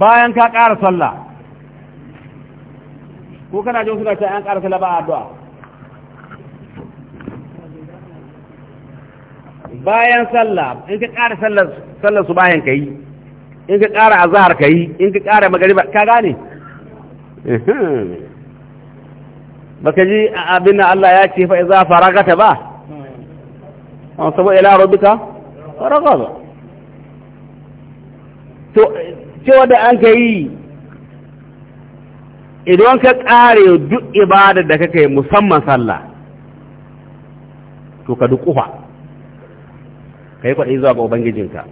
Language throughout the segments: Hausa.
bayan ka ƙara sallah ko kana jin suna ce an ƙara sallah ba a addu'a bayan sallah in ka ƙara sallar su bayan ka yi in ka ƙara azahar ka yi in ka ƙara magariba ka gane baka ji abin da Allah ya ce fa iza faragata ba an sabo ila rubuta faragata to cewa da an ka yi idan ka ƙare duk ibadar da kake musamman sallah to ka dukufa ka yi kwaɗi zuwa ga ubangijinka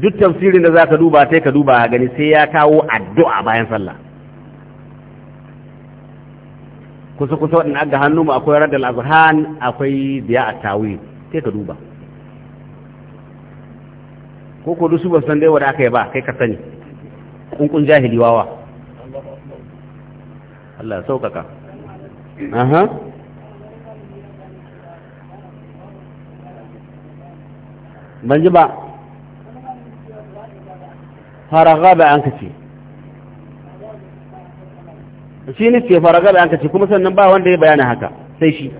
duk tafsirin da za ka duba sai ka duba a gani sai ya kawo addu'a bayan sallah kusa kusa waɗanda aga hannu ma akwai radar azhan akwai biya a tawi sai ka duba ko ko dusu ban san dai wanda aka yi ba kai ka sani kunkun jahili wawa Allah ya saukaka aha ban ji ba faraga ba an kace shi ne ce faraga ba an kace kuma sannan ba wanda ya bayana haka sai shi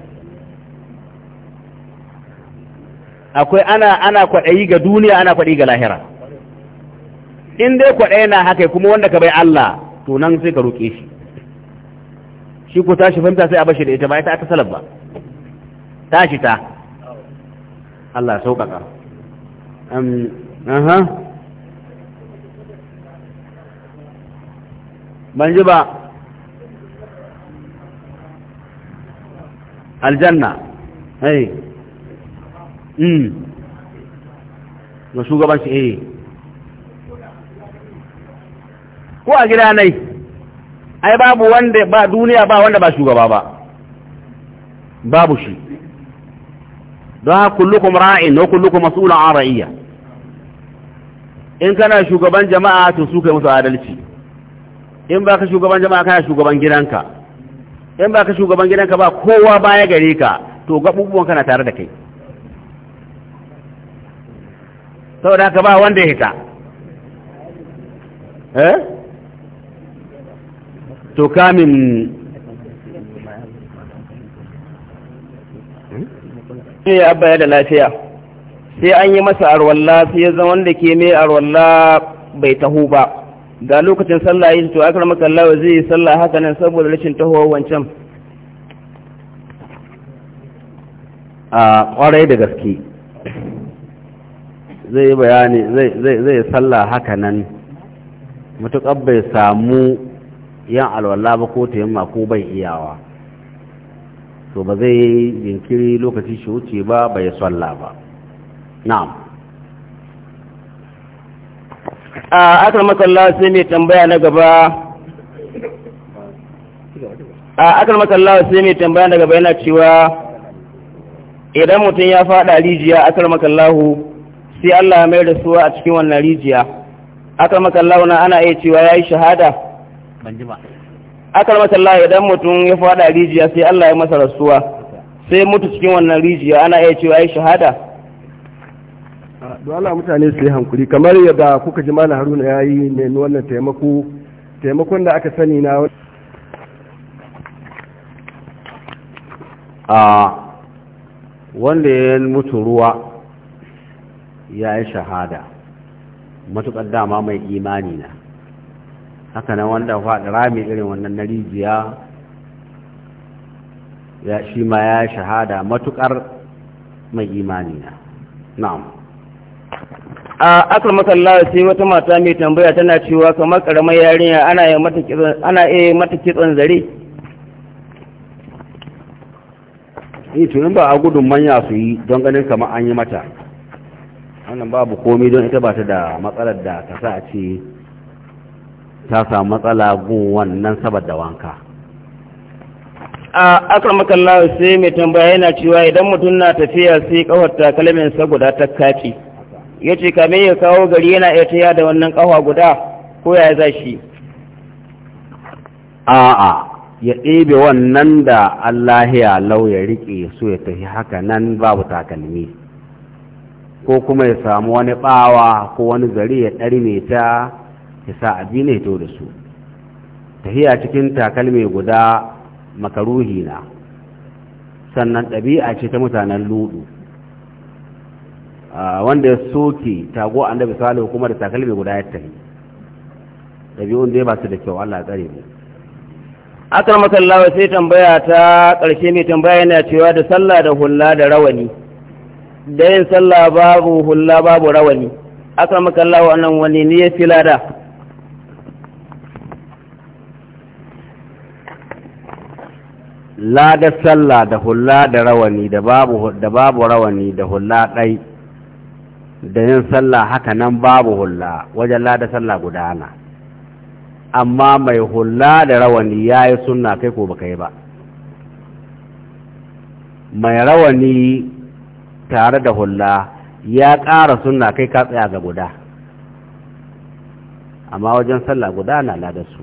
akwai ana ana kwaɗayi ga duniya ana kwaɗayi ga lahira in dai kwaɗayi na haka kuma wanda ka bai Allah to nan sai ka roƙe shi shi ko tashi fahimta sai a bashi da ita ba ita ta salaf ba tashi ta Allah sauƙaƙa um aha ban ji ba aljanna hey. Mm. ga shugabanci eh ko a gida nai ai babu wanda ba duniya ba wanda ba shugaba ba babu shi don haka kullukum ra'in wa kullukum mas'ulun an ra'iyya in kana shugaban jama'a to su kai musu adalci in baka shugaban jama'a kana shugaban gidanka in baka shugaban gidanka ba kowa baya gare ka to gabubuwan kana tare da kai saboda haka ba wanda ya hita eh to kamin ne eh, ya baya da lafiya sai an yi masa arwalla sai ya zama wanda ke mai arwalla bai taho ba ga lokacin sallah yi to akar wa zai yi sallah haka nan saboda rashin taho wancan a kwarai da gaske zai yi bayani zai salla haka nan matuƙar bai samu yan alwala ba ko yamma ko bai iyawa to ba zai yi jinkiri lokaci shi wuce ba bai salla ba na'am a akar matsala sai mai tambaya na gaba a akar matsala sai mai tambaya gaba yana cewa idan mutum ya fada rijiya akar makallahu sai Allah ya mayar da suwa a cikin wannan rijiya aka makallauna ana iya cewa ya yi shahada ban ji ba aka idan mutum ya fada rijiya sai Allah ya masa rasuwa sai mutu cikin wannan rijiya ana iya cewa ya yi shahada don Allah mutane su yi hankuri kamar yadda kuka ji mana haruna ya yi ne wannan taimako taimakon da aka sani na wanda ya mutu ruwa ya yi shahada matuƙar dama mai imani na haka nan wanda faɗi rami irin wannan na rijiya ya shi ma ya yi shahada matuƙar mai imani na na'am a akar matsala sai wata mata mai tambaya tana cewa kamar ƙaramar yarinya ana iya mata kitson zare yi eh, tunin ba a gudun manya su yi don ganin kamar an yi mata wannan babu komi don ita ba ta da matsalar da ta sa a ce ta samu matsala gun wannan saboda wanka a akramakallahu sai mai tambaya yana cewa idan mutum na tafiya sai kawar takalmin saboda guda ta kaci ya ce kame ya kawo gari yana iya taya da wannan kawa guda ko ya za shi a'a ya ɗebe wannan da Allah ya lau ya riƙe so ya tafi haka nan babu takalmi ko kuma ya samu wani bawa ko wani zari ya ɗarme ta ya sa abi ne to da su tahiya cikin takalmi guda makaruhi na sannan ɗabi'a ce ta mutanen ludu ah, wanda ya soke tago da salihu kuma da takalmi guda ya tahi ɗabi'un dai ba su da kyau Allah ya tsare mu masallawa sai tambaya ta ƙarshe mai tambaya yana cewa da sallah da hulla da rawani da yin sallah babu hulla babu rawani aka makalla wannan wani ne ya fi lada lada sallah da hulla da rawani da babu da babu rawani da hulla dai da yin sallah haka nan babu hulla wajen lada sallah gudana amma mai hulla da rawani ya yi sunna kai ko baka yi ba mai rawani tare da hula ya ƙara suna kai ka tsaya ga guda amma wajen sallah guda na lada su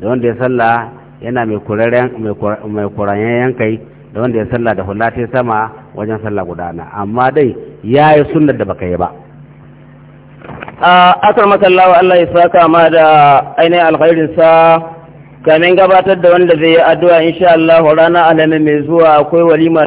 da wanda ya sallah yana mai kurayen yankai da wanda ya sallah da hulla ta sama wajen sallah guda na amma dai ya yi sunar da baka yi ba a matsala wa Allah ya saka ma da ainihin sa kamin gabatar da wanda zai yi addu'a insha Allah rana alamin mai zuwa akwai walima